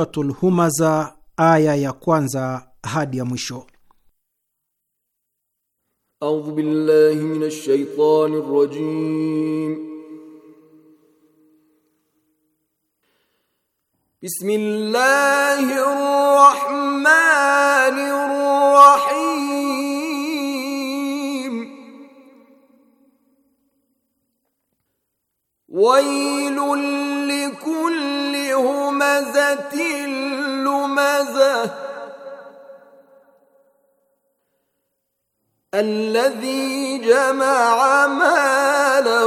Suratul Humaza, aya ya kwanza hadi ya mwisho. A'udhu billahi minash shaitani rajim. Bismillahir rahmanir rahim. Wailul likulli لمزة لمزة الذي جمع مالا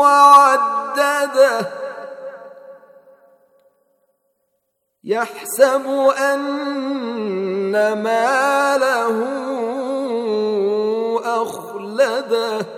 وعدده يحسب أن ماله أخلده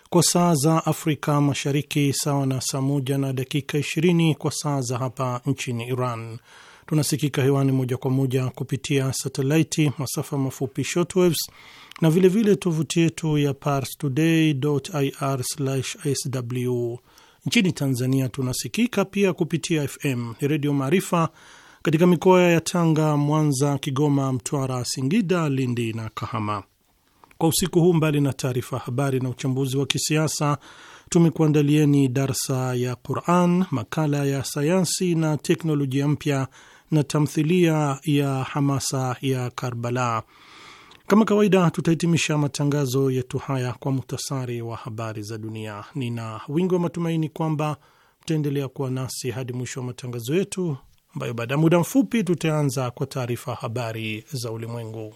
kwa saa za Afrika Mashariki, sawa na saa moja na dakika 20 kwa saa za hapa nchini Iran. Tunasikika hewani moja kwa moja kupitia satelaiti, masafa mafupi shortwaves na vilevile tovuti yetu ya pars ir sw Nchini Tanzania tunasikika pia kupitia FM ni Redio Maarifa katika mikoa ya Tanga, Mwanza, Kigoma, Mtwara, Singida, Lindi na Kahama. Kwa usiku huu, mbali na taarifa habari na uchambuzi wa kisiasa, tumekuandalieni darsa ya Quran, makala ya sayansi na teknolojia mpya na tamthilia ya hamasa ya Karbala. Kama kawaida, tutahitimisha matangazo yetu haya kwa muhtasari wa habari za dunia. Nina wingi wa matumaini kwamba mtaendelea kuwa nasi hadi mwisho wa matangazo yetu, ambayo baada ya muda mfupi tutaanza kwa taarifa habari za ulimwengu.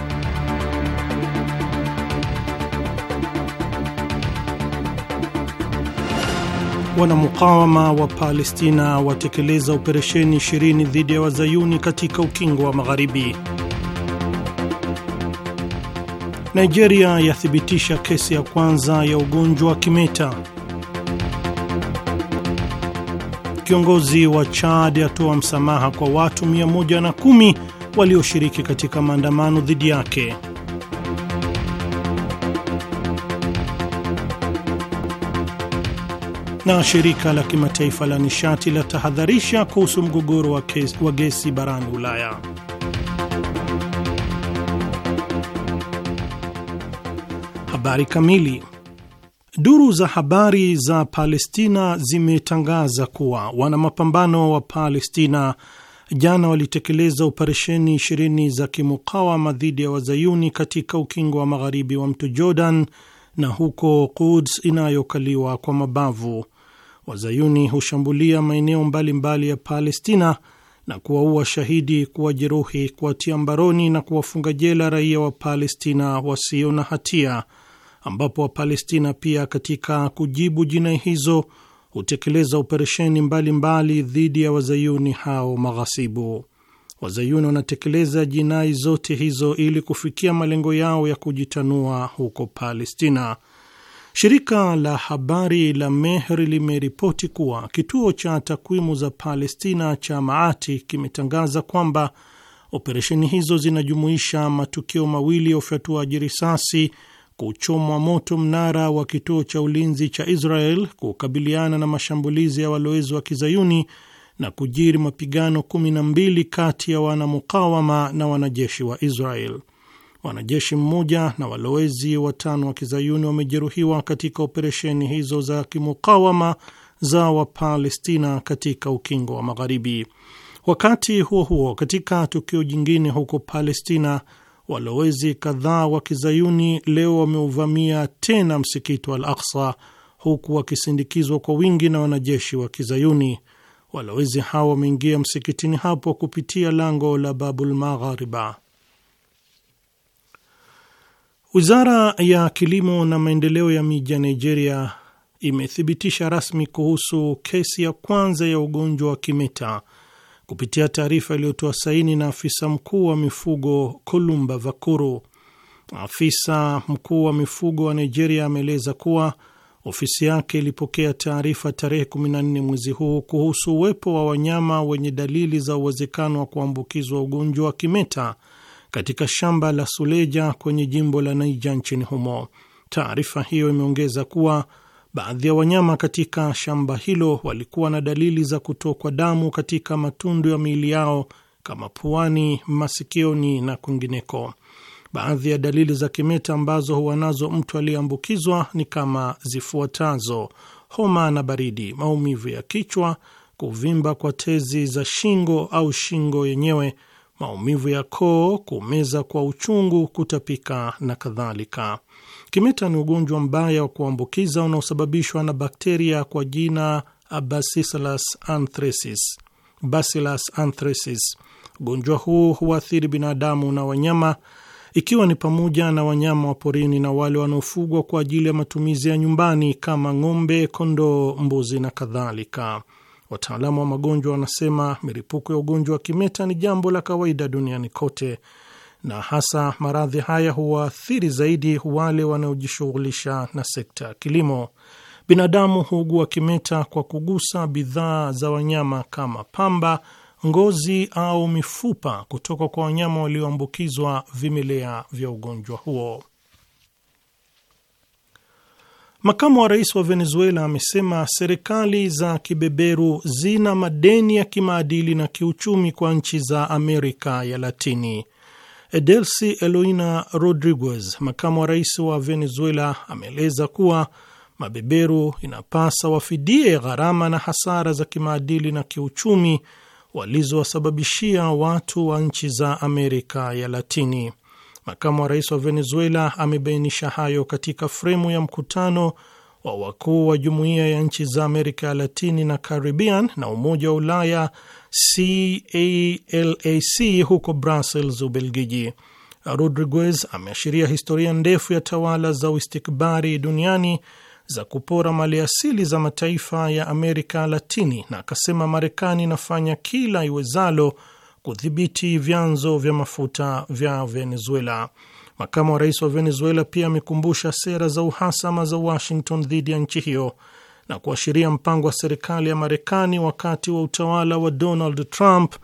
Wanamukawama wa Palestina watekeleza operesheni 20 dhidi ya wazayuni katika ukingo wa Magharibi. Nigeria yathibitisha kesi ya kwanza ya ugonjwa wa kimeta. Kiongozi wa Chad atoa msamaha kwa watu 110 walioshiriki katika maandamano dhidi yake. na shirika la kimataifa la nishati la tahadharisha kuhusu mgogoro wa, wa gesi barani Ulaya. Habari kamili. Duru za habari za Palestina zimetangaza kuwa wana mapambano wa Palestina jana walitekeleza operesheni ishirini za kimukawama dhidi ya wazayuni katika ukingo wa magharibi wa mto Jordan na huko Quds inayokaliwa kwa mabavu Wazayuni hushambulia maeneo mbalimbali ya Palestina na kuwaua shahidi, kuwajeruhi, kuwatia mbaroni na kuwafunga jela raia wa Palestina wasio na hatia, ambapo Wapalestina pia katika kujibu jinai hizo hutekeleza operesheni mbalimbali dhidi ya wazayuni hao maghasibu. Wazayuni wanatekeleza jinai zote hizo ili kufikia malengo yao ya kujitanua huko Palestina. Shirika la habari la Mehr limeripoti kuwa kituo cha takwimu za Palestina cha Maati kimetangaza kwamba operesheni hizo zinajumuisha matukio mawili ya ufyatuaji risasi, kuchomwa moto mnara wa kituo cha ulinzi cha Israel kukabiliana na mashambulizi ya walowezi wa Kizayuni na kujiri mapigano mbili kati ya wanamukawama na wanajeshi wa Israel. Wanajeshi mmoja na walowezi watano wa kizayuni wamejeruhiwa katika operesheni hizo za kimukawama za Wapalestina katika ukingo wa Magharibi. Wakati huo huo, katika tukio jingine huko Palestina, walowezi kadhaa wa kizayuni leo wameuvamia tena msikiti wa Al Aksa huku wakisindikizwa kwa wingi na wanajeshi wa kizayuni. Walowezi hawa wameingia msikitini hapo kupitia lango la Babul Maghariba. Wizara ya kilimo na maendeleo ya miji ya Nigeria imethibitisha rasmi kuhusu kesi ya kwanza ya ugonjwa wa kimeta kupitia taarifa iliyotoa saini na afisa mkuu wa mifugo Kolumba Vakuru. Afisa mkuu wa mifugo wa Nigeria ameeleza kuwa ofisi yake ilipokea taarifa tarehe 14 mwezi huu kuhusu uwepo wa wanyama wenye dalili za uwezekano wa kuambukizwa ugonjwa wa kimeta katika shamba la Suleja kwenye jimbo la Naija nchini humo. Taarifa hiyo imeongeza kuwa baadhi ya wanyama katika shamba hilo walikuwa na dalili za kutokwa damu katika matundu ya miili yao kama puani, masikioni na kwingineko. Baadhi ya dalili za kimeta ambazo huwa nazo mtu aliyeambukizwa ni kama zifuatazo: homa na baridi, maumivu ya kichwa, kuvimba kwa tezi za shingo au shingo yenyewe maumivu ya koo, kumeza kwa uchungu, kutapika na kadhalika. Kimeta ni ugonjwa mbaya wa kuambukiza unaosababishwa na bakteria kwa jina Bacillus anthracis. Bacillus anthracis. Ugonjwa huu huathiri binadamu na wanyama, ikiwa ni pamoja na wanyama wa porini na wale wanaofugwa kwa ajili ya matumizi ya nyumbani kama ng'ombe, kondoo, mbuzi na kadhalika. Wataalamu wa magonjwa wanasema milipuko ya ugonjwa wa kimeta ni jambo la kawaida duniani kote, na hasa maradhi haya huwaathiri zaidi wale wanaojishughulisha na sekta ya kilimo. Binadamu huugua kimeta kwa kugusa bidhaa za wanyama kama pamba, ngozi au mifupa kutoka kwa wanyama walioambukizwa vimelea vya ugonjwa huo. Makamu wa rais wa Venezuela amesema serikali za kibeberu zina madeni ya kimaadili na kiuchumi kwa nchi za Amerika ya Latini. Edelsi Eloina Rodriguez, makamu wa rais wa Venezuela, ameeleza kuwa mabeberu inapasa wafidie gharama na hasara za kimaadili na kiuchumi walizowasababishia watu wa nchi za Amerika ya Latini. Makamu wa rais wa Venezuela amebainisha hayo katika fremu ya mkutano wa wakuu wa jumuiya ya nchi za Amerika ya Latini na Caribbean na Umoja wa Ulaya CALAC huko Brussels, Ubelgiji. Rodriguez ameashiria historia ndefu ya tawala za uistikbari duniani za kupora mali asili za mataifa ya Amerika Latini na akasema Marekani inafanya kila iwezalo kudhibiti vyanzo vya mafuta vya Venezuela. Makamu wa rais wa Venezuela pia amekumbusha sera za uhasama za Washington dhidi ya nchi hiyo na kuashiria mpango wa serikali ya Marekani wakati wa utawala wa Donald Trump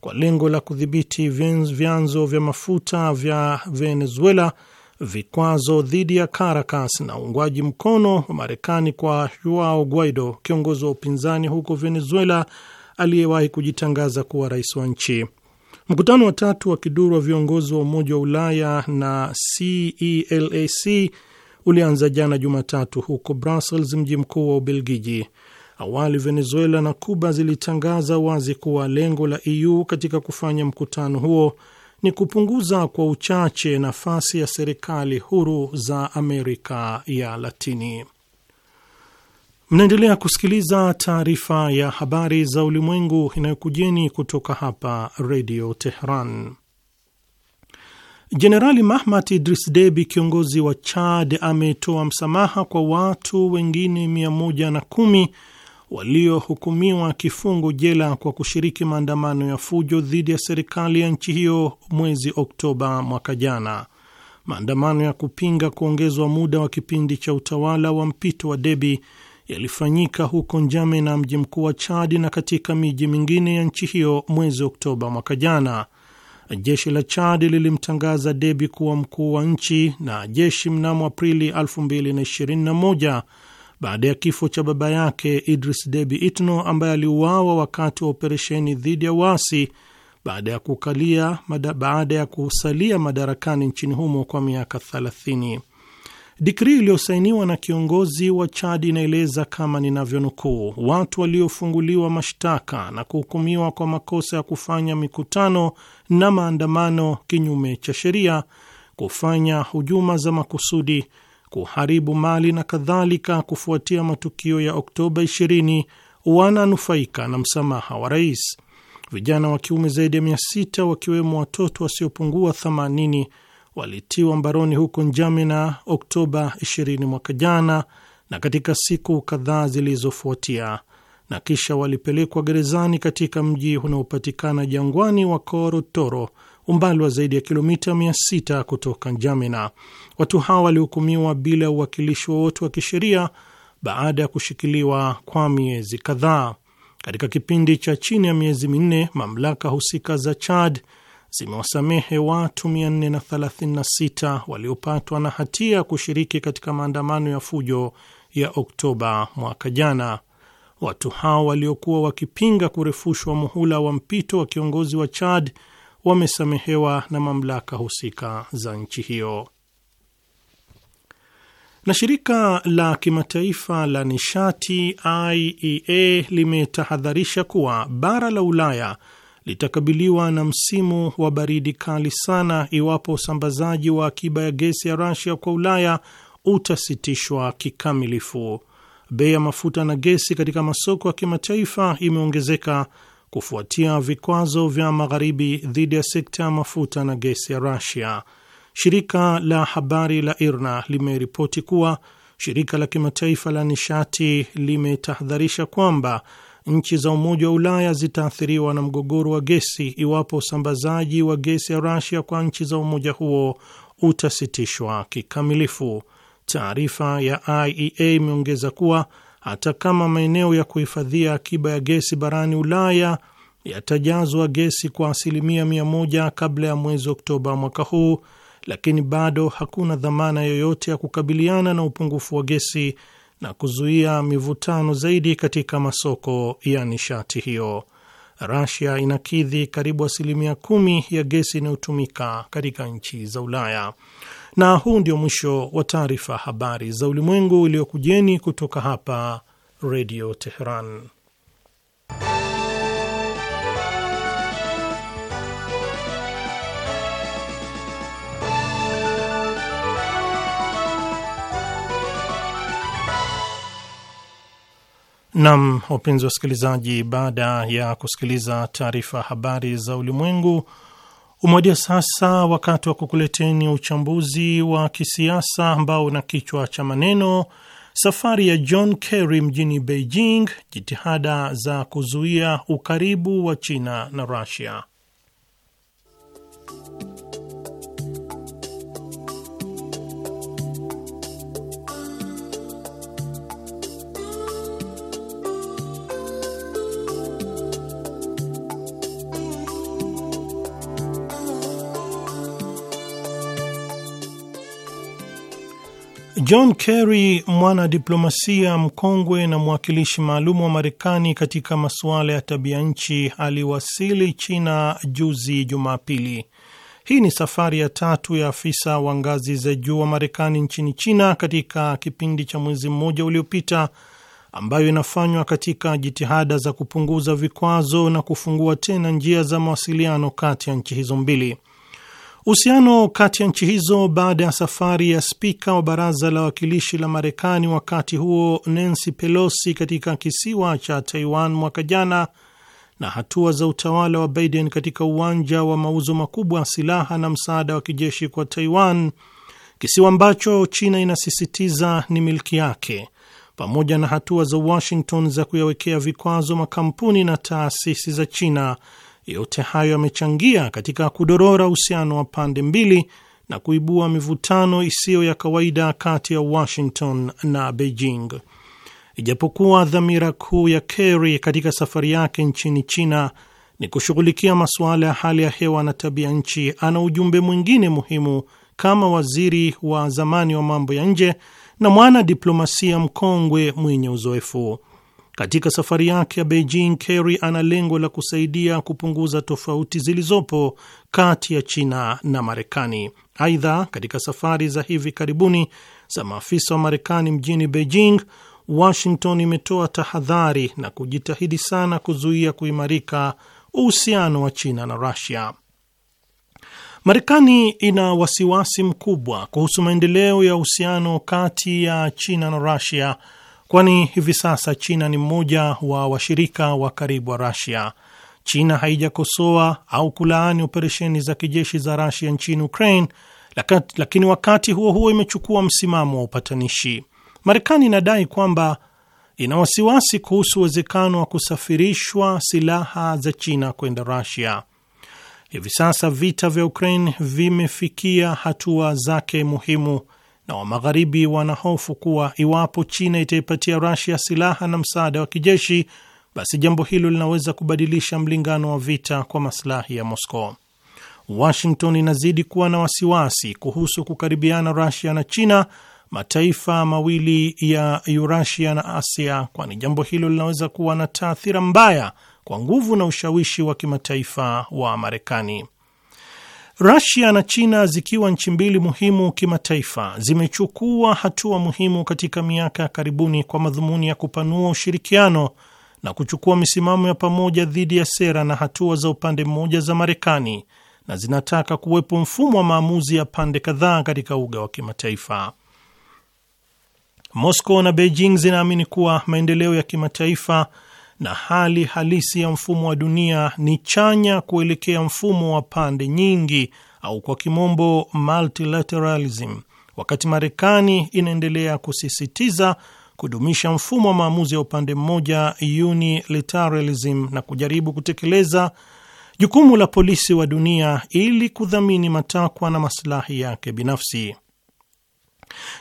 kwa lengo la kudhibiti vyanzo vya mafuta vya Venezuela, vikwazo dhidi ya Caracas na uungwaji mkono wa Marekani kwa Juao Guaido, kiongozi wa upinzani huko Venezuela, aliyewahi kujitangaza kuwa rais wa nchi. Mkutano wa tatu wa kiduru wa viongozi wa Umoja wa Ulaya na CELAC e ulianza jana Jumatatu huko Brussels, mji mkuu wa Ubelgiji. Awali Venezuela na Cuba zilitangaza wazi kuwa lengo la EU katika kufanya mkutano huo ni kupunguza kwa uchache nafasi ya serikali huru za Amerika ya Latini. Mnaendelea kusikiliza taarifa ya habari za ulimwengu inayokujeni kutoka hapa redio Tehran. Jenerali Mahmat Idris Debi, kiongozi wa Chad, ametoa msamaha kwa watu wengine 110 waliohukumiwa kifungo jela kwa kushiriki maandamano ya fujo dhidi ya serikali ya nchi hiyo mwezi Oktoba mwaka jana. Maandamano ya kupinga kuongezwa muda wa kipindi cha utawala wa mpito wa Debi yalifanyika huko njame na mji mkuu wa chadi na katika miji mingine ya nchi hiyo mwezi Oktoba mwaka jana. Jeshi la Chad lilimtangaza Debi kuwa mkuu wa nchi na jeshi mnamo Aprili 2021 baada ya kifo cha baba yake Idris Debi Itno ambaye aliuawa wakati wa operesheni dhidi ya uasi baada ya kukalia, baada ya kusalia madarakani nchini humo kwa miaka 30. Dikrii iliyosainiwa na kiongozi wa Chad inaeleza kama ninavyonukuu, watu waliofunguliwa mashtaka na kuhukumiwa kwa makosa ya kufanya mikutano na maandamano kinyume cha sheria, kufanya hujuma za makusudi, kuharibu mali na kadhalika, kufuatia matukio ya Oktoba 20 wananufaika na msamaha wa rais. Vijana wa kiume zaidi ya mia wakiwemo watoto wasiopungua walitiwa mbaroni huko Njamena Oktoba 20 mwaka jana na katika siku kadhaa zilizofuatia, na kisha walipelekwa gerezani katika mji unaopatikana jangwani wa Korotoro, umbali wa zaidi ya kilomita 600 kutoka njamina Watu hawa walihukumiwa bila uwakilishi wowote wa kisheria baada ya kushikiliwa kwa miezi kadhaa. Katika kipindi cha chini ya miezi minne, mamlaka husika za Chad zimewasamehe watu 436 waliopatwa na hatia ya kushiriki katika maandamano ya fujo ya Oktoba mwaka jana. Watu hao waliokuwa wakipinga kurefushwa muhula wa mpito wa kiongozi wa Chad wamesamehewa na mamlaka husika za nchi hiyo. Na shirika la kimataifa la nishati IEA limetahadharisha kuwa bara la Ulaya litakabiliwa na msimu wa baridi kali sana iwapo usambazaji wa akiba ya gesi ya rasia kwa Ulaya utasitishwa kikamilifu. Bei ya mafuta na gesi katika masoko ya kimataifa imeongezeka kufuatia vikwazo vya magharibi dhidi ya sekta ya mafuta na gesi ya rasia Shirika la habari la IRNA limeripoti kuwa shirika la kimataifa la nishati limetahadharisha kwamba nchi za Umoja wa Ulaya zitaathiriwa na mgogoro wa gesi iwapo usambazaji wa gesi ya rasia kwa nchi za umoja huo utasitishwa kikamilifu. Taarifa ya IEA imeongeza kuwa hata kama maeneo ya kuhifadhia akiba ya gesi barani Ulaya yatajazwa gesi kwa asilimia mia moja kabla ya mwezi Oktoba mwaka huu, lakini bado hakuna dhamana yoyote ya kukabiliana na upungufu wa gesi na kuzuia mivutano zaidi katika masoko ya nishati hiyo. Rasia inakidhi karibu asilimia kumi ya gesi inayotumika katika nchi za Ulaya. Na huu ndio mwisho wa taarifa habari za ulimwengu iliyokujeni kutoka hapa Redio Teheran. Nam, wapenzi wasikilizaji, baada ya kusikiliza taarifa habari za ulimwengu, umewadia sasa wakati wa kukuleteni uchambuzi wa kisiasa ambao una kichwa cha maneno safari ya John Kerry mjini Beijing, jitihada za kuzuia ukaribu wa China na Russia. John Kerry, mwanadiplomasia mkongwe na mwakilishi maalum wa Marekani katika masuala ya tabia nchi, aliwasili China juzi Jumapili. Hii ni safari ya tatu ya afisa wa ngazi za juu wa Marekani nchini China katika kipindi cha mwezi mmoja uliopita, ambayo inafanywa katika jitihada za kupunguza vikwazo na kufungua tena njia za mawasiliano kati ya nchi hizo mbili. Uhusiano kati ya nchi hizo baada ya safari ya spika wa baraza la wawakilishi la Marekani wakati huo Nancy Pelosi katika kisiwa cha Taiwan mwaka jana na hatua za utawala wa Biden katika uwanja wa mauzo makubwa ya silaha na msaada wa kijeshi kwa Taiwan, kisiwa ambacho China inasisitiza ni milki yake, pamoja na hatua za Washington za kuyawekea vikwazo makampuni na taasisi za China yote hayo yamechangia katika kudorora uhusiano wa pande mbili na kuibua mivutano isiyo ya kawaida kati ya Washington na Beijing. Ijapokuwa dhamira kuu ya Kerry katika safari yake nchini China ni kushughulikia masuala ya hali ya hewa na tabia nchi, ana ujumbe mwingine muhimu kama waziri wa zamani wa mambo ya nje na mwana diplomasia mkongwe mwenye uzoefu. Katika safari yake ya Beijing, Kerry ana lengo la kusaidia kupunguza tofauti zilizopo kati ya China na Marekani. Aidha, katika safari za hivi karibuni za maafisa wa Marekani mjini Beijing, Washington imetoa tahadhari na kujitahidi sana kuzuia kuimarika uhusiano wa China na Rusia. Marekani ina wasiwasi mkubwa kuhusu maendeleo ya uhusiano kati ya China na Rusia kwani hivi sasa China ni mmoja wa washirika wa karibu wa Rasia. China haijakosoa au kulaani operesheni za kijeshi za Rasia nchini Ukraine, lakini wakati huo huo imechukua msimamo wa upatanishi. Marekani inadai kwamba ina wasiwasi kuhusu uwezekano wa kusafirishwa silaha za China kwenda Rasia. Hivi sasa vita vya Ukraine vimefikia hatua zake muhimu na wa Magharibi wanahofu kuwa iwapo China itaipatia Rasia silaha na msaada wa kijeshi, basi jambo hilo linaweza kubadilisha mlingano wa vita kwa masilahi ya Moscow. Washington inazidi kuwa na wasiwasi kuhusu kukaribiana Rasia na China, mataifa mawili ya Urasia na Asia, kwani jambo hilo linaweza kuwa na taathira mbaya kwa nguvu na ushawishi wa kimataifa wa Marekani. Rasia na China zikiwa nchi mbili muhimu kimataifa zimechukua hatua muhimu katika miaka ya karibuni kwa madhumuni ya kupanua ushirikiano na kuchukua misimamo ya pamoja dhidi ya sera na hatua za upande mmoja za Marekani na zinataka kuwepo mfumo wa maamuzi ya pande kadhaa katika uga wa kimataifa. Moscow na Beijing zinaamini kuwa maendeleo ya kimataifa na hali halisi ya mfumo wa dunia ni chanya kuelekea mfumo wa pande nyingi au kwa kimombo multilateralism, wakati Marekani inaendelea kusisitiza kudumisha mfumo wa maamuzi ya upande mmoja unilateralism, na kujaribu kutekeleza jukumu la polisi wa dunia ili kudhamini matakwa na masilahi yake binafsi.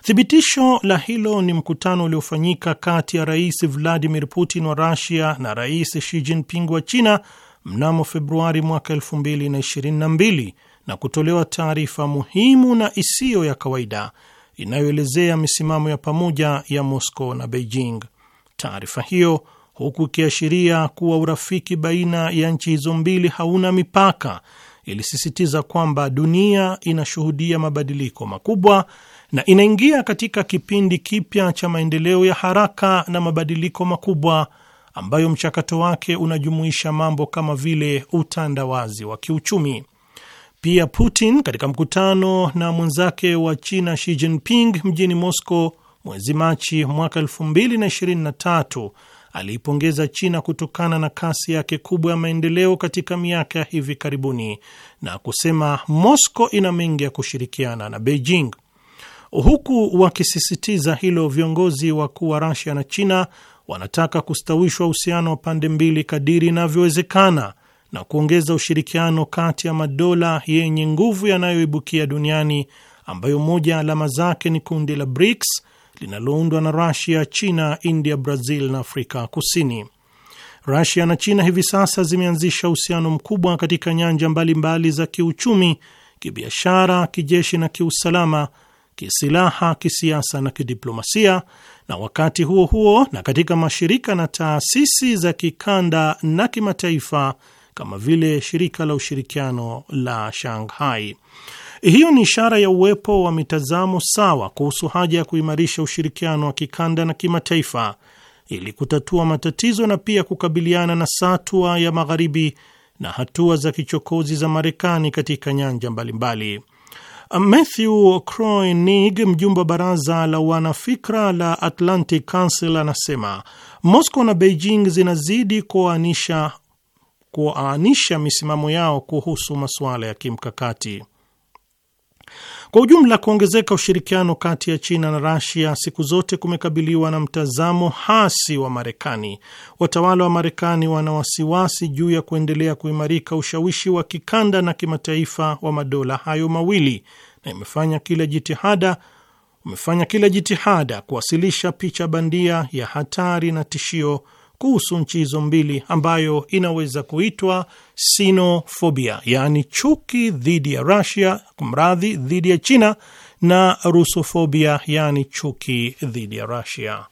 Thibitisho la hilo ni mkutano uliofanyika kati ya Rais Vladimir Putin wa Rusia na Rais Xi Jinping wa China mnamo Februari mwaka 2022 na kutolewa taarifa muhimu na isiyo ya kawaida inayoelezea misimamo ya pamoja ya Moscow na Beijing. Taarifa hiyo huku ikiashiria kuwa urafiki baina ya nchi hizo mbili hauna mipaka ilisisitiza kwamba dunia inashuhudia mabadiliko makubwa na inaingia katika kipindi kipya cha maendeleo ya haraka na mabadiliko makubwa ambayo mchakato wake unajumuisha mambo kama vile utandawazi wa kiuchumi. Pia Putin katika mkutano na mwenzake wa China Xi Jinping mjini Moscow mwezi Machi mwaka 2023 aliipongeza China kutokana na kasi yake kubwa ya maendeleo katika miaka ya hivi karibuni na kusema Moscow ina mengi ya kushirikiana na Beijing. Huku wakisisitiza hilo, viongozi wakuu wa rasia na China wanataka kustawishwa uhusiano wa pande mbili kadiri inavyowezekana na kuongeza ushirikiano kati ya madola yenye nguvu yanayoibukia duniani ambayo moja alama zake ni kundi la BRICS linaloundwa na Rusia, China, India, Brazil na Afrika Kusini. Rusia na China hivi sasa zimeanzisha uhusiano mkubwa katika nyanja mbalimbali mbali za kiuchumi, kibiashara, kijeshi na kiusalama, kisilaha, kisiasa na kidiplomasia, na wakati huo huo na katika mashirika na taasisi za kikanda na kimataifa kama vile shirika la ushirikiano la Shanghai. Hiyo ni ishara ya uwepo wa mitazamo sawa kuhusu haja ya kuimarisha ushirikiano wa kikanda na kimataifa ili kutatua matatizo na pia kukabiliana na satwa ya Magharibi na hatua za kichokozi za Marekani katika nyanja mbalimbali. Matthew Kroenig, mjumbe wa baraza la wanafikra la Atlantic Council, anasema Moscow na Beijing zinazidi kuwaanisha misimamo yao kuhusu masuala ya kimkakati. Kwa ujumla, kuongezeka ushirikiano kati ya China na rasia siku zote kumekabiliwa na mtazamo hasi wa Marekani. Watawala wa Marekani wana wasiwasi juu ya kuendelea kuimarika ushawishi wa kikanda na kimataifa wa madola hayo mawili, na imefanya kila jitihada umefanya kila jitihada kuwasilisha picha bandia ya hatari na tishio kuhusu nchi hizo mbili ambayo inaweza kuitwa sinofobia, yaani chuki dhidi ya Rusia, kumradhi, dhidi ya China na rusofobia, yaani chuki dhidi ya Rusia.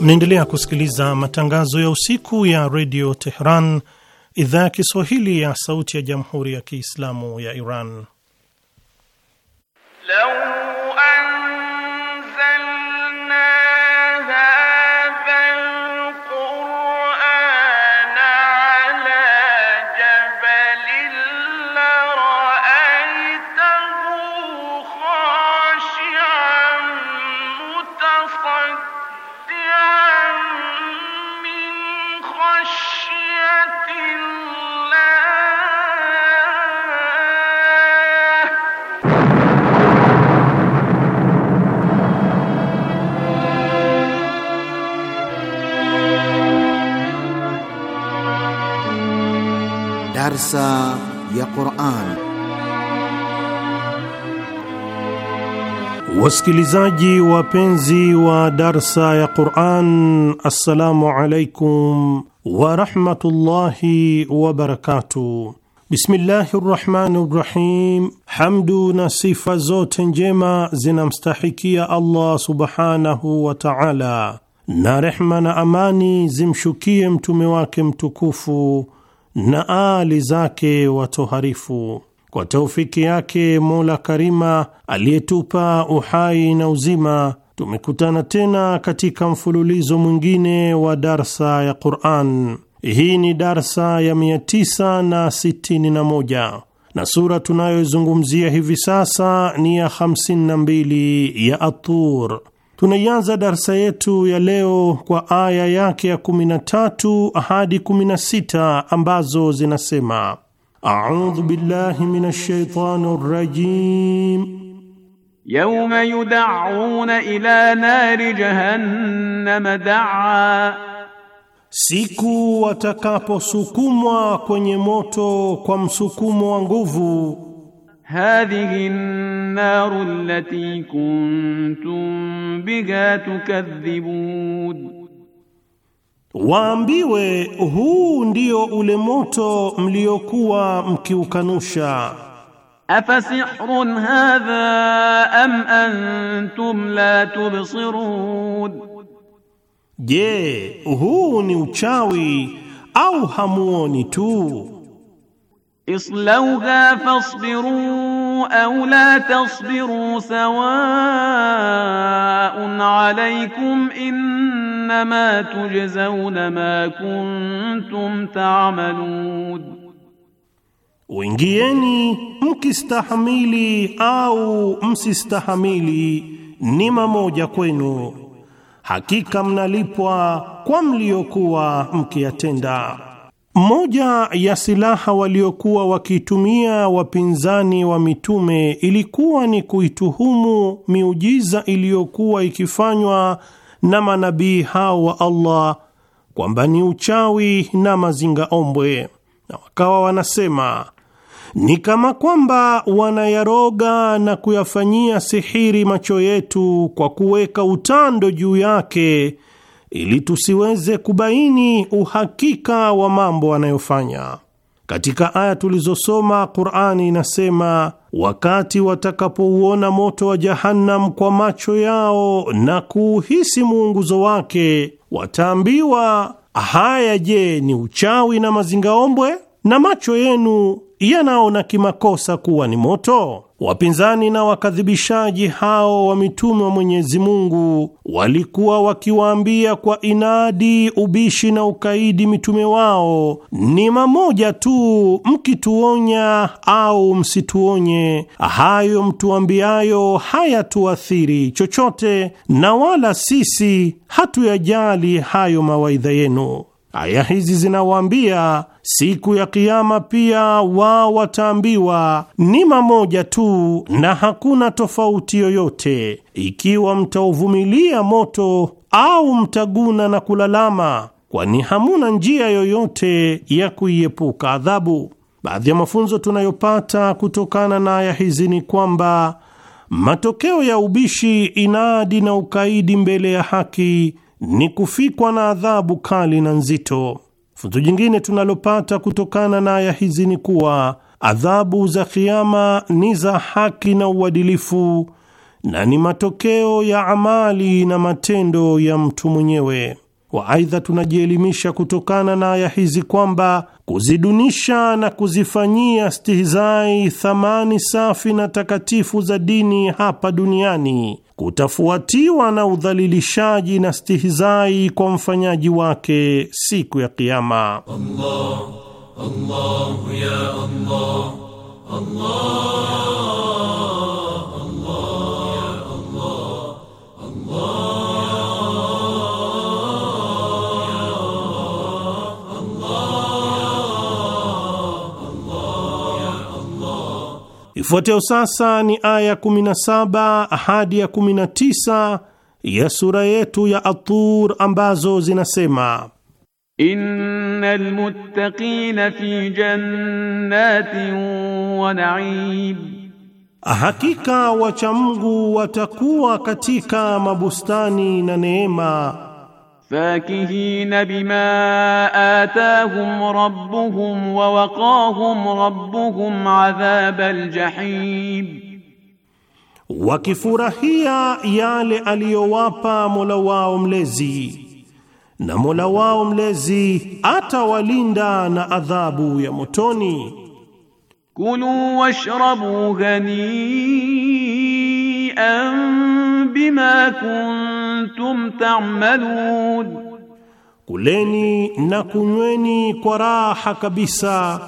Mnaendelea kusikiliza matangazo ya usiku ya redio Teheran, idhaa ya Kiswahili ya Sauti ya Jamhuri ya Kiislamu ya Iran. darsa ya Qur'an. Wasikilizaji wapenzi wa darsa ya Qur'an, assalamu alaikum wa rahmatullahi wa Bismillahi rahmani rahim. Hamdu na sifa zote njema zinamstahikia Allah subhanahu wa ta'ala, na rehma na amani zimshukie mtume wake mtukufu na aali zake watoharifu. Kwa taufiki yake Mola Karima aliyetupa uhai na uzima, tumekutana tena katika mfululizo mwingine wa darsa ya Quran. Hii ni darsa ya 961 na sura tunayoizungumzia hivi sasa ni ya 52 ya Atur. Tunaianza darsa yetu ya leo kwa aya yake ya 13 hadi 16 ambazo zinasema: audhu billahi minash shaitani rrajim yawma yud'auna ila nari jahannama da'a, siku watakaposukumwa kwenye moto kwa msukumo wa nguvu hadhihi an-naru allati kuntum biha tukadhibun, waambiwe huu ndio ule moto mliokuwa mkiukanusha. Afasihrun hadha am antum la tubsirun, je, huu ni uchawi au hamuoni tu? islauha fasbiru au la tasbiru sawaun alaykum innama tujzauna ma kuntum ta'malun Uingieni mkistahamili au msistahamili ni mamoja kwenu, hakika mnalipwa kwa mliokuwa mkiyatenda. Moja ya silaha waliokuwa wakitumia wapinzani wa mitume ilikuwa ni kuituhumu miujiza iliyokuwa ikifanywa na manabii hao wa Allah kwamba ni uchawi na mazinga ombwe na wakawa wanasema ni kama kwamba wanayaroga na kuyafanyia sihiri macho yetu kwa kuweka utando juu yake ili tusiweze kubaini uhakika wa mambo anayofanya. Katika aya tulizosoma, Qur'ani inasema wakati watakapouona moto wa Jahannam kwa macho yao na kuuhisi muunguzo wake, wataambiwa haya, je, ni uchawi na mazingaombwe? na macho yenu yanaona kimakosa kuwa ni moto? Wapinzani na wakadhibishaji hao wa mitume wa Mwenyezi Mungu walikuwa wakiwaambia kwa inadi, ubishi na ukaidi mitume wao, ni mamoja tu, mkituonya au msituonye, hayo mtuambiayo hayatuathiri chochote, na wala sisi hatuyajali hayo mawaidha yenu. Aya hizi zinawaambia siku ya Kiama pia wao wataambiwa ni mamoja tu na hakuna tofauti yoyote, ikiwa mtauvumilia moto au mtaguna na kulalama, kwani hamuna njia yoyote ya kuiepuka adhabu. Baadhi ya mafunzo tunayopata kutokana na aya hizi ni kwamba matokeo ya ubishi, inadi na ukaidi mbele ya haki ni kufikwa na adhabu kali na nzito. Funzo jingine tunalopata kutokana na aya hizi ni kuwa adhabu za kiama ni za haki na uadilifu na ni matokeo ya amali na matendo ya mtu mwenyewe. wa Aidha, tunajielimisha kutokana na aya hizi kwamba kuzidunisha na kuzifanyia stihizai thamani safi na takatifu za dini hapa duniani kutafuatiwa na udhalilishaji na stihizai kwa mfanyaji wake siku ya Kiama. Allah, Allah, ya Allah, Allah. Ifuatayo sasa ni aya 17 hadi ya 19 ya sura yetu ya At-Tur ambazo zinasema: Innal muttaqina fi jannatin wa na'im, hakika wachamgu watakuwa katika mabustani na neema فاكهين بما آتاهم ربهم ووقاهم ربهم عذاب الجحيم wakifurahia yale aliyowapa Mola wao mlezi na Mola wao mlezi atawalinda na adhabu ya motoni. Kulu washrabu ghanian bima kuntum kuntum ta'malun, kuleni na kunyweni kwa raha kabisa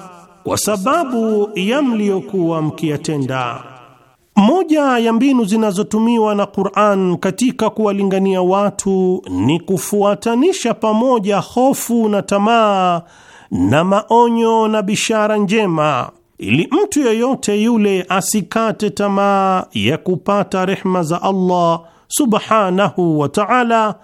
kwa sababu ya mliyokuwa mkiyatenda. Moja ya mbinu zinazotumiwa na Qur'an katika kuwalingania watu ni kufuatanisha pamoja hofu na tamaa na maonyo na bishara njema ili mtu yeyote yule asikate tamaa ya kupata rehma za Allah subhanahu wa ta'ala,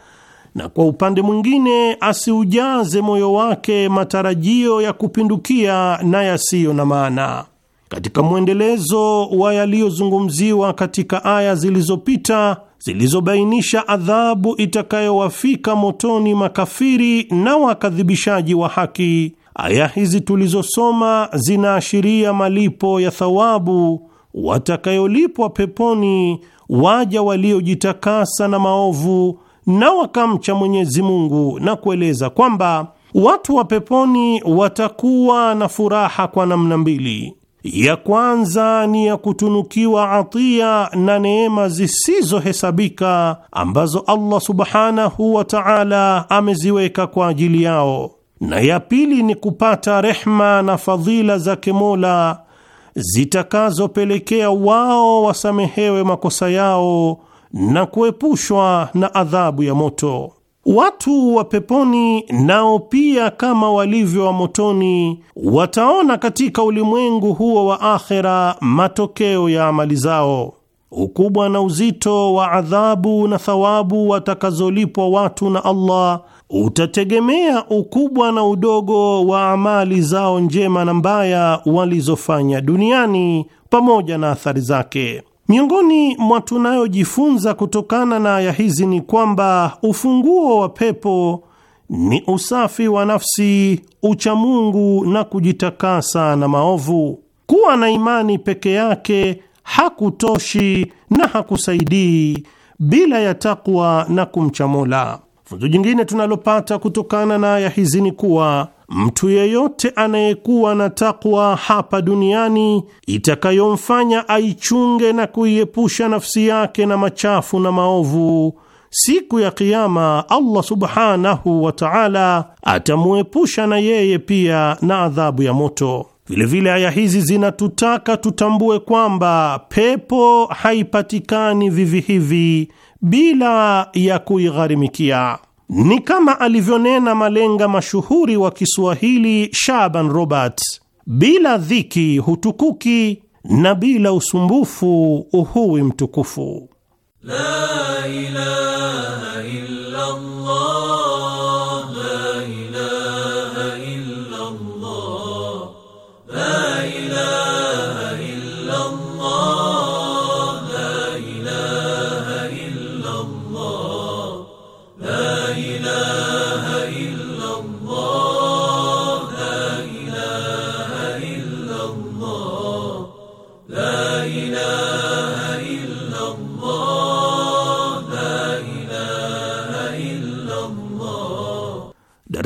na kwa upande mwingine asiujaze moyo wake matarajio ya kupindukia na yasiyo na maana. Katika mwendelezo wa yaliyozungumziwa katika aya zilizopita zilizobainisha adhabu itakayowafika motoni makafiri na wakadhibishaji wa haki, aya hizi tulizosoma zinaashiria malipo ya thawabu watakayolipwa peponi waja waliojitakasa na maovu na wakamcha Mwenyezi Mungu na kueleza kwamba watu wa peponi watakuwa na furaha kwa namna mbili. Ya kwanza ni ya kutunukiwa atia na neema zisizohesabika ambazo Allah subhanahu wa ta'ala ameziweka kwa ajili yao, na ya pili ni kupata rehma na fadhila zake Mola zitakazopelekea wao wasamehewe makosa yao na kuepushwa na adhabu ya moto. Watu wa peponi nao pia kama walivyo wa motoni wataona katika ulimwengu huo wa akhera matokeo ya amali zao. Ukubwa na uzito wa adhabu na thawabu watakazolipwa watu na Allah utategemea ukubwa na udogo wa amali zao njema na mbaya walizofanya duniani pamoja na athari zake. Miongoni mwa tunayojifunza kutokana na aya hizi ni kwamba ufunguo wa pepo ni usafi wa nafsi, uchamungu na kujitakasa na maovu. Kuwa na imani peke yake hakutoshi na hakusaidii bila ya takwa na kumcha Mola. Funzo jingine tunalopata kutokana na aya hizi ni kuwa mtu yeyote anayekuwa na takwa hapa duniani itakayomfanya aichunge na kuiepusha nafsi yake na machafu na maovu, siku ya Kiama Allah subhanahu wa taala atamwepusha na yeye pia na adhabu ya moto. Vilevile aya hizi zinatutaka tutambue kwamba pepo haipatikani vivi hivi bila ya kuigharimikia. Ni kama alivyonena malenga mashuhuri wa Kiswahili Shaban Robert, bila dhiki hutukuki na bila usumbufu uhuwi mtukufu. La ilaha illa Allah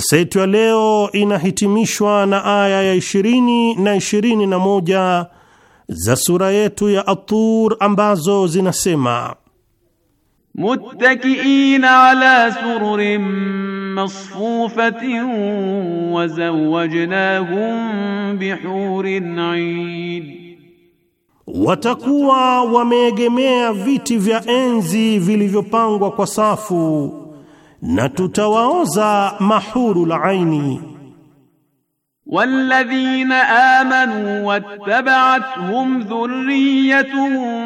Darsa yetu ya leo inahitimishwa na aya ya 20 na 21 za sura yetu ya Atur ambazo zinasema: muttakiina ala sururin masfufatin wa zawwajnahum bihurin ain, watakuwa wameegemea viti vya enzi vilivyopangwa kwa safu na tutawaoza mahuru la والذين آمنوا واتبعتهم ذريتهم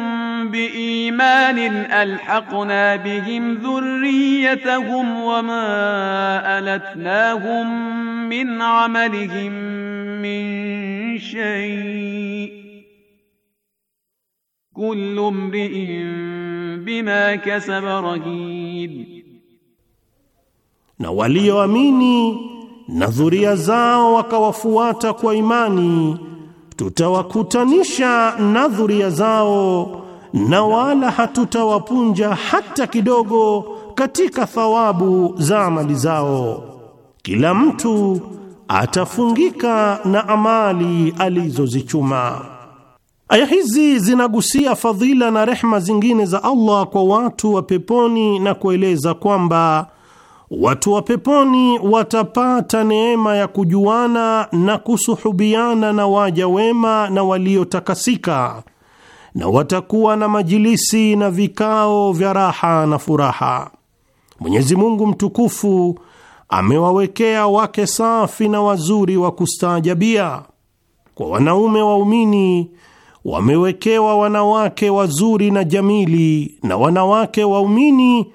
بإيمان ألحقنا بهم ذريتهم وما ألتناهم من عملهم من شيء كل امرئ بما كسب رهين na walioamini na dhuria zao wakawafuata kwa imani, tutawakutanisha na dhuria zao na wala hatutawapunja hata kidogo katika thawabu za amali zao. Kila mtu atafungika na amali alizozichuma. Aya hizi zinagusia fadhila na rehma zingine za Allah kwa watu wa peponi na kueleza kwamba Watu wa peponi watapata neema ya kujuana na kusuhubiana na waja wema na waliotakasika, na watakuwa na majilisi na vikao vya raha na furaha. Mwenyezi Mungu mtukufu amewawekea wake safi na wazuri wa kustaajabia. Kwa wanaume waumini wamewekewa wanawake wazuri na jamili, na wanawake waumini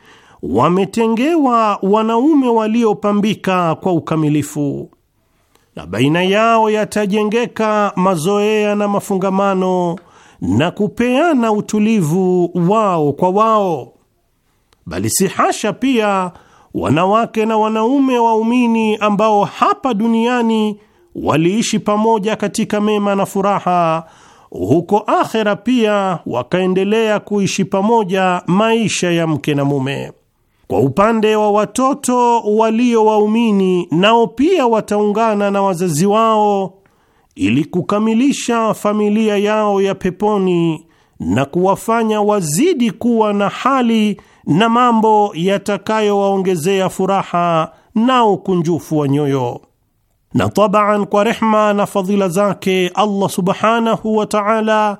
wametengewa wanaume waliopambika kwa ukamilifu, na baina yao yatajengeka mazoea na mafungamano na kupeana utulivu wao kwa wao. Bali si hasha pia wanawake na wanaume waumini ambao hapa duniani waliishi pamoja katika mema na furaha, huko akhera pia wakaendelea kuishi pamoja maisha ya mke na mume. Kwa upande wa watoto walio waumini, nao pia wataungana na wazazi wao ili kukamilisha familia yao ya peponi na kuwafanya wazidi kuwa na hali na mambo yatakayowaongezea furaha na ukunjufu wa nyoyo. Na tabaan, kwa rehma na fadhila zake Allah subhanahu wa ta'ala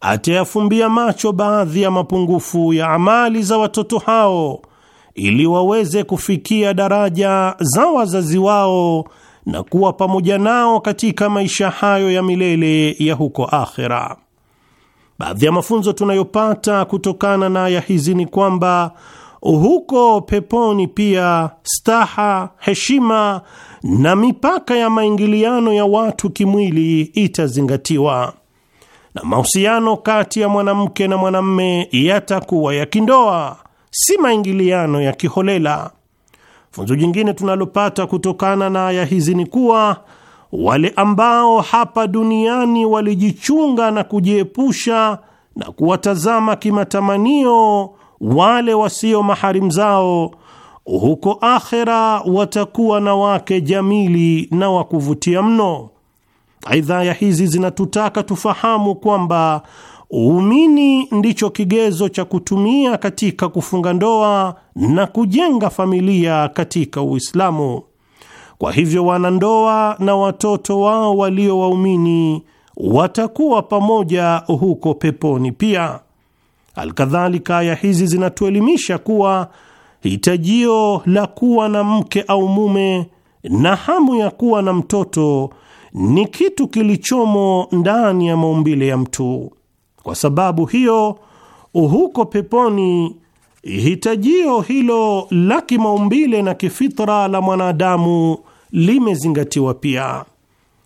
atayafumbia macho baadhi ya mapungufu ya amali za watoto hao ili waweze kufikia daraja za wazazi wao na kuwa pamoja nao katika maisha hayo ya milele ya huko akhera. Baadhi ya mafunzo tunayopata kutokana na aya hizi ni kwamba huko peponi pia staha, heshima na mipaka ya maingiliano ya watu kimwili itazingatiwa na mahusiano kati ya mwanamke na mwanamme yatakuwa ya kindoa si maingiliano ya kiholela. Funzo jingine tunalopata kutokana na aya hizi ni kuwa wale ambao hapa duniani walijichunga na kujiepusha na kuwatazama kimatamanio wale wasio maharimu zao, huko akhera watakuwa na wake jamili na wa kuvutia mno. Aidha, aya hizi zinatutaka tufahamu kwamba Uumini ndicho kigezo cha kutumia katika kufunga ndoa na kujenga familia katika Uislamu. Kwa hivyo, wanandoa na watoto wao walio waumini watakuwa pamoja huko peponi pia. Alkadhalika, aya hizi zinatuelimisha kuwa hitajio la kuwa na mke au mume na hamu ya kuwa na mtoto ni kitu kilichomo ndani ya maumbile ya mtu. Kwa sababu hiyo, huko peponi hitajio hilo la kimaumbile na kifitra la mwanadamu limezingatiwa pia.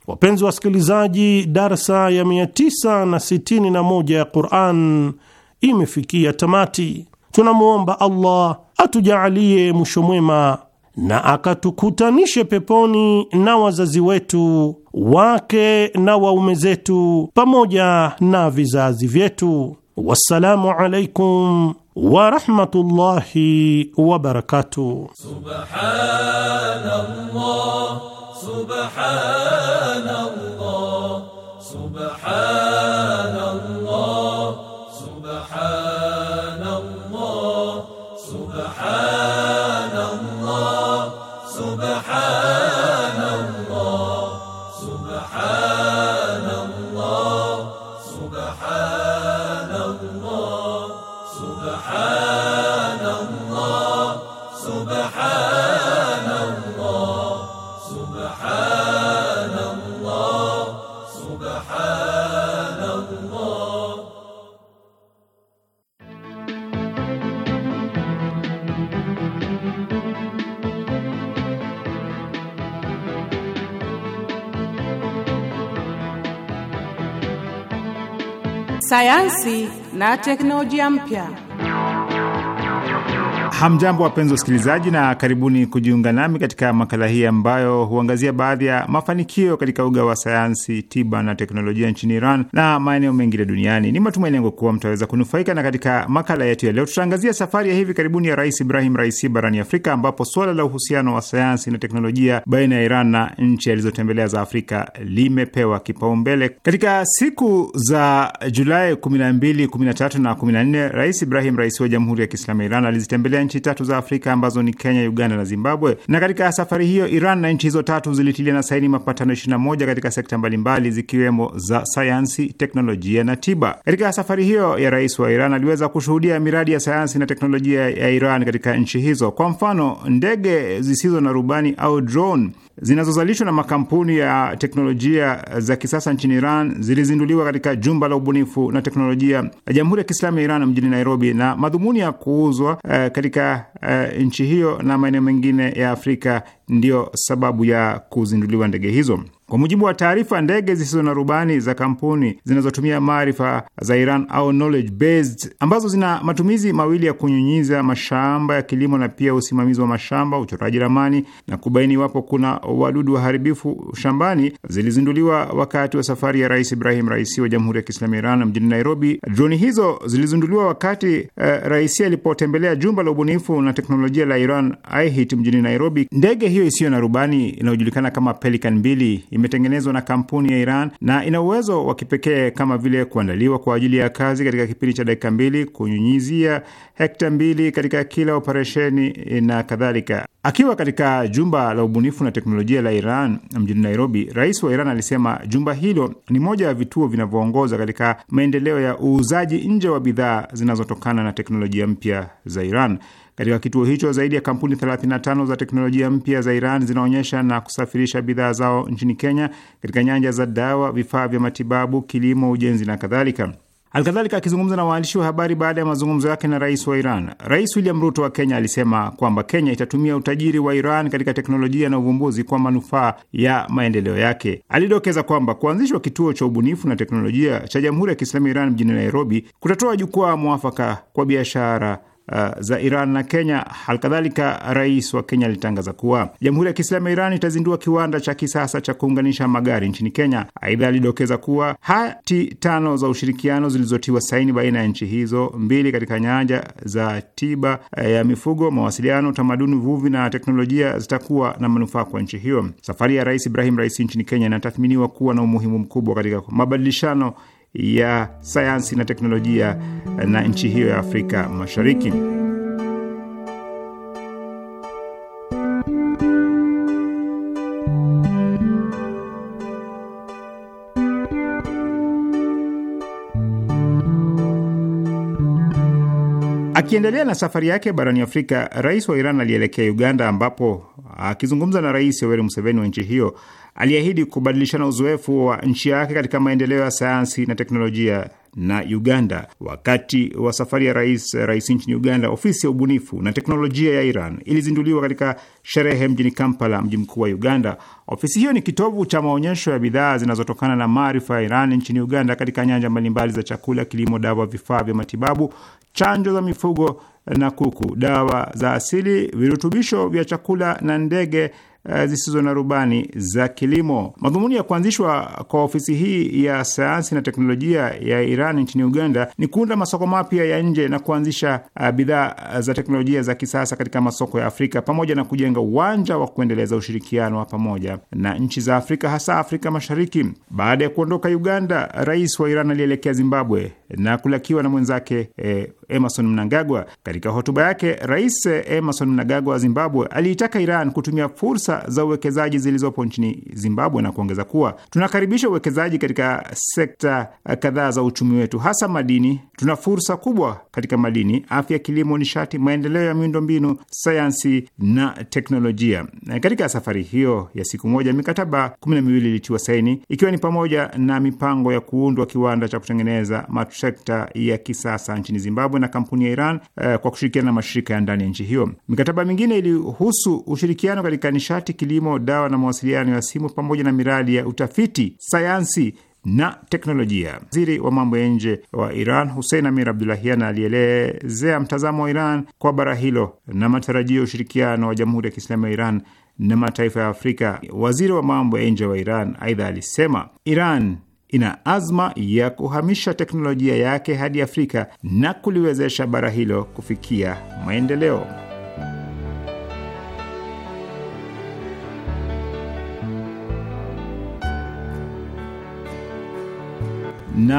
Wapenzi wasikilizaji, darsa ya 961 ya Quran imefikia tamati. Tunamwomba Allah atujaalie mwisho mwema na akatukutanishe peponi na wazazi wetu wake na waume zetu pamoja na vizazi vyetu. Wassalamu alaikum warahmatullahi wabarakatuh. Subhanallah, subhanallah, subhanallah. sayansi na teknolojia mpya. Hamjambo, wapenzi wasikilizaji, na karibuni kujiunga nami katika makala hii ambayo huangazia baadhi ya mafanikio katika uga wa sayansi, tiba na teknolojia nchini Iran na maeneo mengine duniani. Ni matumaini yangu kuwa mtaweza kunufaika, na katika makala yetu ya leo tutaangazia safari ya hivi karibuni ya Rais Ibrahim Raisi barani Afrika, ambapo suala la uhusiano wa sayansi na teknolojia baina ya Iran na nchi alizotembelea za Afrika limepewa kipaumbele. Katika siku za Julai 12, 13 na 14, Rais Ibrahim Raisi wa Jamhuri ya Kiislamu ya Iran alizitembelea nchi tatu za Afrika ambazo ni Kenya, Uganda na Zimbabwe. Na katika safari hiyo Iran na nchi hizo tatu zilitilia na saini mapatano 21 katika sekta mbalimbali zikiwemo za sayansi, teknolojia na tiba. Katika safari hiyo ya rais wa Iran aliweza kushuhudia miradi ya sayansi na teknolojia ya Iran katika nchi hizo. Kwa mfano, ndege zisizo na rubani au drone zinazozalishwa na makampuni ya teknolojia za kisasa nchini Iran zilizinduliwa katika jumba la ubunifu na teknolojia la Jamhuri ya Kiislamu ya Iran mjini Nairobi, na madhumuni ya kuuzwa uh, katika uh, nchi hiyo na maeneo mengine ya Afrika ndiyo sababu ya kuzinduliwa ndege hizo. Kwa mujibu wa taarifa, ndege zisizo na rubani za kampuni zinazotumia maarifa za Iran au knowledge based, ambazo zina matumizi mawili ya kunyunyiza mashamba ya kilimo na pia usimamizi wa mashamba, uchoraji ramani na kubaini iwapo kuna wadudu waharibifu shambani, zilizinduliwa wakati wa safari ya Rais Ibrahim Raisi wa Jamhuri ya Kiislamu ya Iran mjini Nairobi. Droni hizo zilizinduliwa wakati uh, Raisi alipotembelea jumba la ubunifu na teknolojia la Iran IHIT mjini Nairobi. Ndege hiyo isiyo na rubani inayojulikana kama Pelican mbili imetengenezwa na kampuni ya Iran na ina uwezo wa kipekee kama vile kuandaliwa kwa ajili ya kazi katika kipindi cha dakika mbili, kunyunyizia hekta mbili katika kila operesheni na kadhalika. Akiwa katika jumba la ubunifu na teknolojia la Iran mjini Nairobi, rais wa Iran alisema jumba hilo ni moja ya vituo vinavyoongoza katika maendeleo ya uuzaji nje wa bidhaa zinazotokana na teknolojia mpya za Iran. Katika kituo hicho zaidi ya kampuni 35 za teknolojia mpya za Iran zinaonyesha na kusafirisha bidhaa zao nchini Kenya katika nyanja za dawa, vifaa vya matibabu, kilimo, ujenzi na kadhalika. Halikadhalika, akizungumza na waandishi wa habari baada ya mazungumzo yake na rais wa Iran, Rais William Ruto wa Kenya alisema kwamba Kenya itatumia utajiri wa Iran katika teknolojia na uvumbuzi kwa manufaa ya maendeleo yake. Alidokeza kwamba kuanzishwa kituo cha ubunifu na teknolojia cha Jamhuri ya Kiislamu Iran mjini Nairobi kutatoa jukwaa mwafaka kwa biashara uh, za Iran na Kenya. Halikadhalika, rais wa Kenya alitangaza kuwa Jamhuri ya Kiislamu ya Iran itazindua kiwanda cha kisasa cha kuunganisha magari nchini Kenya. Aidha, alidokeza kuwa hati tano za ushirikiano zilizotiwa saini baina ya nchi hizo mbili katika nyanja za tiba uh, ya mifugo, mawasiliano, utamaduni, uvuvi na teknolojia zitakuwa na manufaa kwa nchi hiyo. Safari ya Rais Ibrahim Raisi nchini Kenya inatathminiwa kuwa na umuhimu mkubwa katika mabadilishano ya sayansi na teknolojia na nchi hiyo ya Afrika Mashariki. Akiendelea na safari yake barani Afrika, rais wa Iran alielekea Uganda, ambapo akizungumza na Rais Yoweri Museveni wa nchi hiyo aliahidi kubadilishana uzoefu wa nchi yake katika maendeleo ya sayansi na teknolojia na Uganda. Wakati wa safari ya rais rais nchini Uganda, ofisi ya ubunifu na teknolojia ya Iran ilizinduliwa katika sherehe mjini Kampala, mji mkuu wa Uganda. Ofisi hiyo ni kitovu cha maonyesho ya bidhaa zinazotokana na maarifa ya Iran nchini Uganda, katika nyanja mbalimbali za chakula, kilimo, dawa, vifaa vya matibabu, chanjo za mifugo na kuku, dawa za asili, virutubisho vya chakula na ndege Eh, zisizo na rubani za kilimo. Madhumuni ya kuanzishwa kwa ofisi hii ya sayansi na teknolojia ya Iran nchini Uganda ni kuunda masoko mapya ya nje na kuanzisha eh, bidhaa za teknolojia za kisasa katika masoko ya Afrika pamoja na kujenga uwanja wa kuendeleza ushirikiano wa pamoja na nchi za Afrika hasa Afrika Mashariki. Baada ya kuondoka Uganda, rais wa Iran alielekea Zimbabwe na kulakiwa na mwenzake e, Emerson Mnangagwa. Katika hotuba yake, Rais Emerson Mnangagwa wa Zimbabwe aliitaka Iran kutumia fursa za uwekezaji zilizopo nchini Zimbabwe na kuongeza kuwa tunakaribisha uwekezaji katika sekta kadhaa za uchumi wetu, hasa madini. Tuna fursa kubwa katika madini, afya, kilimo, nishati, maendeleo ya miundombinu, sayansi na teknolojia. Eh, katika safari hiyo ya siku moja, mikataba kumi na miwili ilitiwa saini, ikiwa ni pamoja na mipango ya kuundwa kiwanda cha kutengeneza sekta ya kisasa nchini Zimbabwe na kampuni ya Iran uh, kwa kushirikiana na mashirika ya ndani ya nchi hiyo. Mikataba mingine ilihusu ushirikiano katika nishati, kilimo, dawa na mawasiliano ya simu pamoja na miradi ya utafiti, sayansi na teknolojia. Waziri wa mambo ya nje wa Iran Hussein Amir Abdulahian alielezea mtazamo wa Iran kwa bara hilo na matarajio ya ushirikiano wa Jamhuri ya Kiislamu ya Iran na mataifa ya Afrika. Waziri wa mambo ya nje wa Iran aidha alisema Iran ina azma ya kuhamisha teknolojia yake hadi Afrika na kuliwezesha bara hilo kufikia maendeleo. na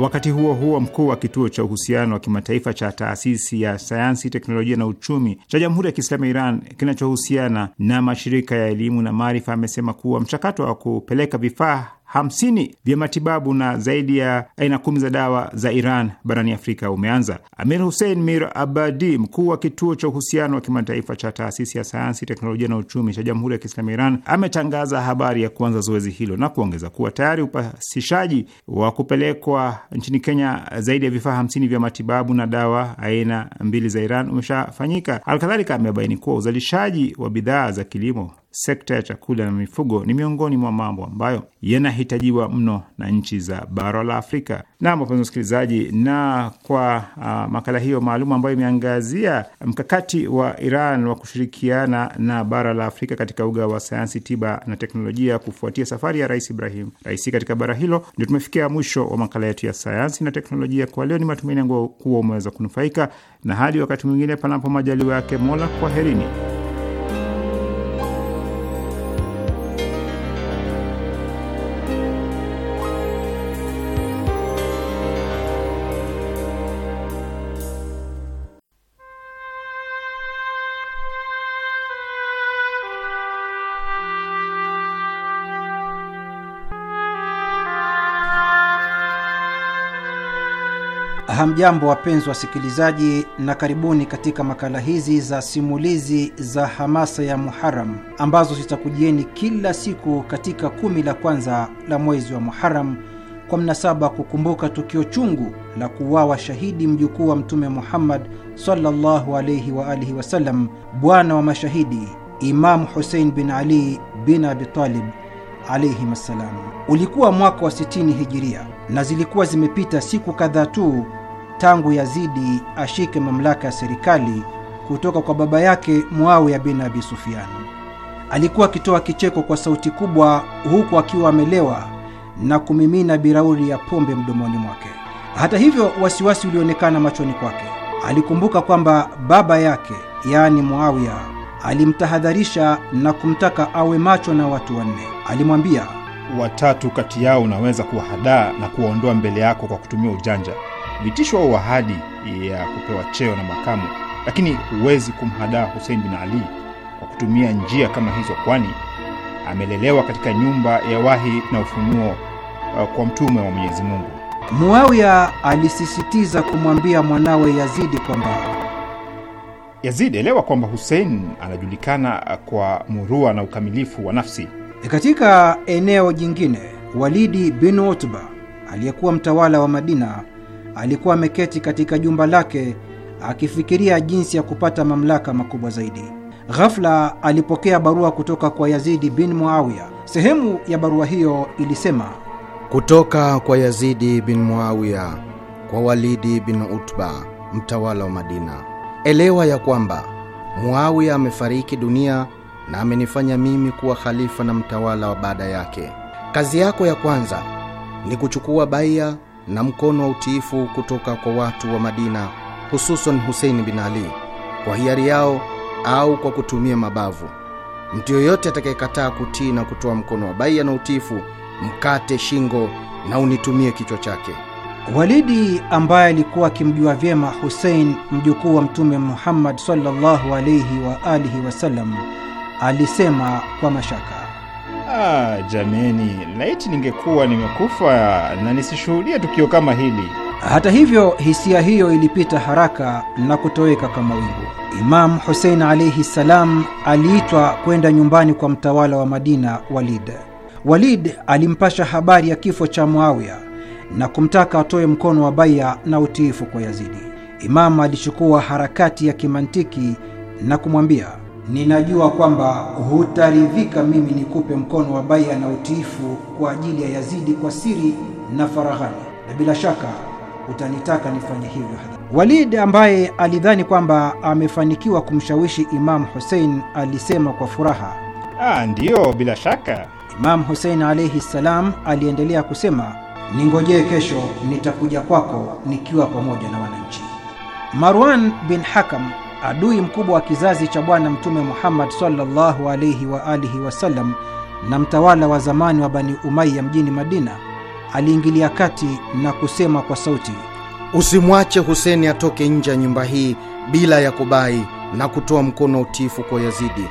wakati huo huo mkuu wa kituo cha uhusiano wa kimataifa cha taasisi ya sayansi, teknolojia na uchumi cha Jamhuri ya Kiislamu ya Iran kinachohusiana na mashirika ya elimu na maarifa amesema kuwa mchakato wa kupeleka vifaa hamsini vya matibabu na zaidi ya aina kumi za dawa za Iran barani Afrika umeanza. Amir Hussein Mir Abadi, mkuu wa kituo cha uhusiano wa kimataifa cha taasisi ya sayansi, teknolojia na uchumi cha Jamhuri ya Kiislamu Iran, ametangaza habari ya kuanza zoezi hilo na kuongeza kuwa tayari upasishaji wa kupelekwa nchini Kenya zaidi ya vifaa hamsini vya matibabu na dawa aina mbili za Iran umeshafanyika. Alkadhalika, amebaini kuwa uzalishaji wa bidhaa za kilimo sekta ya chakula na mifugo ni miongoni mwa mambo ambayo yanahitajiwa mno na nchi za bara la Afrika. Naam, wapenzi wasikilizaji, na kwa uh, makala hiyo maalum ambayo imeangazia mkakati wa Iran wa kushirikiana na bara la Afrika katika uga wa sayansi, tiba na teknolojia kufuatia safari ya Rais Ibrahim Raisi katika bara hilo, ndio tumefikia mwisho wa makala yetu ya sayansi na teknolojia kwa leo. Ni matumaini yangu kuwa umeweza kunufaika, na hadi wakati mwingine, panapo majaliwa yake Mola, kwaherini. Hamjambo, wapenzi wasikilizaji, na karibuni katika makala hizi za simulizi za hamasa ya Muharam ambazo zitakujieni kila siku katika kumi la kwanza la mwezi wa Muharam kwa mnasaba kukumbuka tukio chungu la kuuawa shahidi mjukuu wa Mtume Muhammad sallallahu alaihi wa alihi wasallam, bwana wa mashahidi, Imamu Husein bin Ali bin Abitalib alaihim assalam. Ulikuwa mwaka wa 60 hijiria na zilikuwa zimepita siku kadhaa tu tangu Yazidi ashike mamlaka ya serikali kutoka kwa baba yake Muawiya bin Abi Sufyan. Alikuwa akitoa kicheko kwa sauti kubwa, huku akiwa amelewa na kumimina birauri ya pombe mdomoni mwake. Hata hivyo, wasiwasi ulionekana machoni kwake. Alikumbuka kwamba baba yake, yaani Muawiya, alimtahadharisha na kumtaka awe macho na watu wanne. Alimwambia, watatu kati yao unaweza kuwahadaa na kuwaondoa mbele yako kwa kutumia ujanja vitisho au ahadi ya kupewa cheo na makamu, lakini huwezi kumhadaa husein bin Ali kwa kutumia njia kama hizo, kwani amelelewa katika nyumba ya wahi na ufunuo uh, kwa mtume wa Mwenyezi Mungu. Muawiya alisisitiza kumwambia mwanawe Yazidi kwamba Yazidi, elewa kwamba husein anajulikana kwa murua na ukamilifu wa nafsi. E, katika eneo jingine, Walidi bin Utba aliyekuwa mtawala wa Madina alikuwa ameketi katika jumba lake akifikiria jinsi ya kupata mamlaka makubwa zaidi. Ghafla alipokea barua kutoka kwa Yazidi bin Muawiya. Sehemu ya barua hiyo ilisema: kutoka kwa Yazidi bin Muawiya kwa Walidi bin Utba, mtawala wa Madina, elewa ya kwamba Muawiya amefariki dunia na amenifanya mimi kuwa khalifa na mtawala wa baada yake. Kazi yako ya kwanza ni kuchukua baia na mkono wa utiifu kutoka kwa watu wa Madina, hususan Huseini bin Ali, kwa hiari yao au kwa kutumia mabavu. Mtu yoyote atakayekataa kutii na kutoa mkono wa baia na utiifu, mkate shingo na unitumie kichwa chake. Walidi ambaye alikuwa akimjua vyema Husein, mjukuu wa Mtume Muhammad sallallahu alaihi wa alihi wasallam, alisema kwa mashaka Ah, jameni, laiti ningekuwa nimekufa na nisishuhudia tukio kama hili. Hata hivyo, hisia hiyo ilipita haraka na kutoweka kama wingu. Imamu Husein alaihi ssalam aliitwa kwenda nyumbani kwa mtawala wa Madina, Walid. Walid alimpasha habari ya kifo cha Muawiya na kumtaka atoe mkono wa baia na utiifu kwa Yazidi. Imamu alichukua harakati ya kimantiki na kumwambia Ninajua kwamba hutaridhika mimi nikupe mkono wa bai'a na utiifu kwa ajili ya Yazidi kwa siri na faraghani, na bila shaka utanitaka nifanye hivyo Walid ambaye alidhani kwamba amefanikiwa kumshawishi Imamu Hussein alisema kwa furaha, ah, ndiyo bila shaka. Imamu Hussein alayhi salam aliendelea kusema, ningojee kesho, nitakuja kwako nikiwa pamoja na wananchi. Marwan bin Hakam adui mkubwa wa kizazi cha Bwana Mtume Muhammad sallallahu alaihi wa alihi wasallam na mtawala wa zamani wa Bani umaiya mjini Madina, aliingilia kati na kusema kwa sauti, usimwache Huseni atoke nje ya nyumba hii bila ya kubai na kutoa mkono utiifu kwa Yazidi.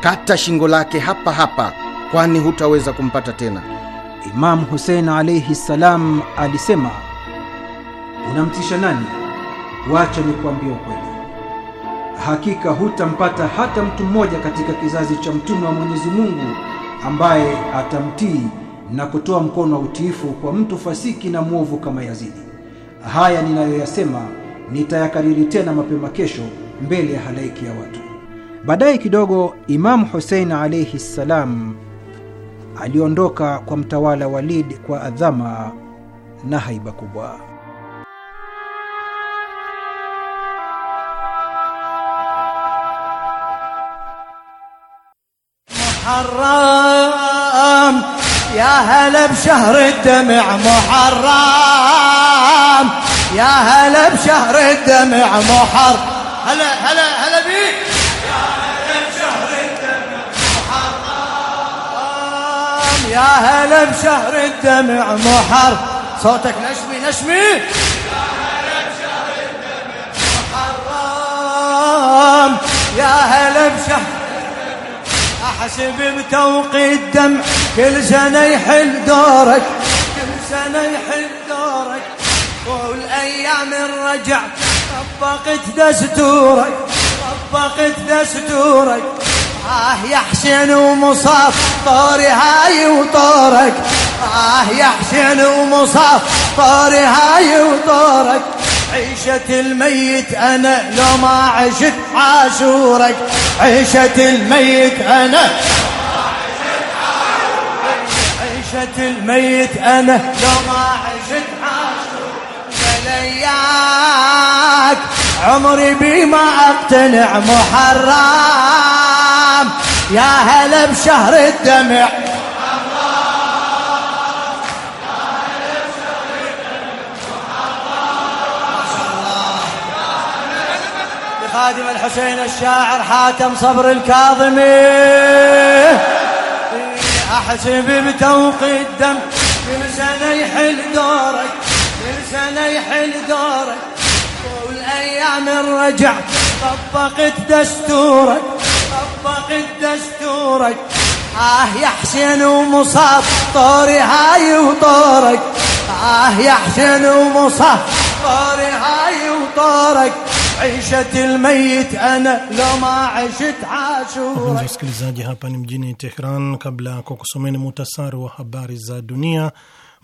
Kata shingo lake hapa hapa, kwani hutaweza kumpata tena. Imamu Husein alaihi ssalam alisema, unamtisha nani? Wacha nikuambie ukweli hakika hutampata hata mtu mmoja katika kizazi cha mtume wa Mwenyezi Mungu ambaye atamtii na kutoa mkono wa utiifu kwa mtu fasiki na mwovu kama Yazidi. Haya ninayoyasema nitayakariri tena mapema kesho mbele ya halaiki ya watu. Baadaye kidogo, Imamu Husein alaihi ssalam aliondoka kwa mtawala Walid kwa adhama na haiba kubwa. محرم يا هلا بشهر الدمع محرم يا هلا بشهر الدمع محرم هلا هلا هلا بيك يا هلا بشهر الدمع محرم يا هلا بشهر الدمع محرم صوتك نشمي نشمي يا هلا بشهر حسب بتوقي الدمع كل سنة يحل دورك كل سنة يحل دورك والأيام الرجع طبقت دستورك طبقت دستورك آه يا حسين ومصاف طاري هاي وطارك آه يا حسين ومصاف طاري هاي وطارك عيشة الميت أنا لو ما عشت عاشورك عيشة الميت أنا عيشة الميت أنا لو ما عشت عاشورك فلياك عمري بما أقتنع محرم يا هلا بشهر الدمع خادم الحسين الشاعر حاتم صبر الكاظمي أحسب بتوق الدم كل سنة يحل دورك كل سنة يحل دورك والأيام الرجع طبقت دستورك طبقت دستورك آه يا حسين ومصاب طوري هاي وطورك آه يا حسين ومصاب طوري هاي وطورك عيشة الميت أنا لو ما عشت عاشورك msikilizaji hapa ni mjini Tehran kabla kwa kusomeni muhtasari wa habari za dunia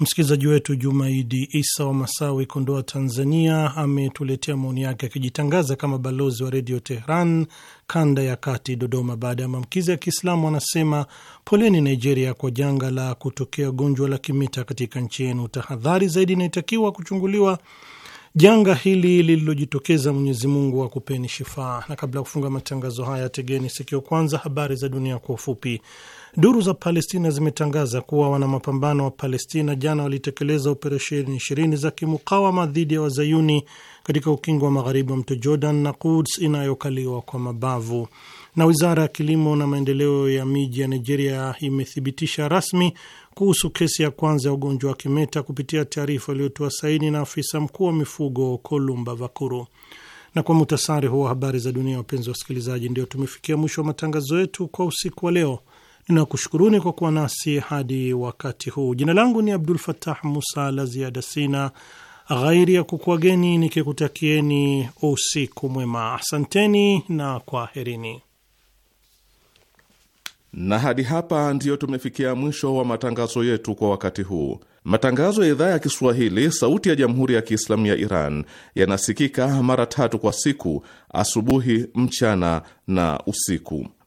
Msikilizaji wetu Jumaidi Isa wa Masawi, Kondoa, Tanzania, ametuletea maoni yake akijitangaza kama balozi wa Redio Tehran kanda ya kati Dodoma, baada ya maamkizi ya Kiislamu. Anasema poleni Nigeria kwa janga la kutokea gonjwa la kimita katika nchi yenu. Tahadhari zaidi inaitakiwa kuchunguliwa janga hili lililojitokeza. Mwenyezi Mungu akupeni shifaa. Na kabla ya kufunga matangazo haya, tegeni sikio kwanza habari za dunia kwa ufupi. Duru za Palestina zimetangaza kuwa wanamapambano wa Palestina jana walitekeleza operesheni ishirini za kimukawama dhidi ya wazayuni katika ukingo wa magharibi wa mto Jordan na Quds inayokaliwa kwa mabavu. Na wizara ya kilimo na maendeleo ya miji ya Nigeria imethibitisha rasmi kuhusu kesi ya kwanza ya ugonjwa wa kimeta kupitia taarifa iliyotoa saini na afisa mkuu wa mifugo Kolumba Vakuru. Na kwa muhtasari huo habari za dunia, wapenzi wa wasikilizaji, ndio tumefikia mwisho wa matangazo yetu kwa usiku wa leo. Ninakushukuruni kwa kuwa nasi hadi wakati huu. Jina langu ni Abdul Fatah Musa. La ziada sina ghairi ya kukuageni nikikutakieni usiku mwema. Asanteni na kwaherini. Na hadi hapa ndiyo tumefikia mwisho wa matangazo yetu kwa wakati huu. Matangazo ya idhaa ya Kiswahili sauti ya jamhuri ya Kiislamu ya Iran yanasikika mara tatu kwa siku: asubuhi, mchana na usiku.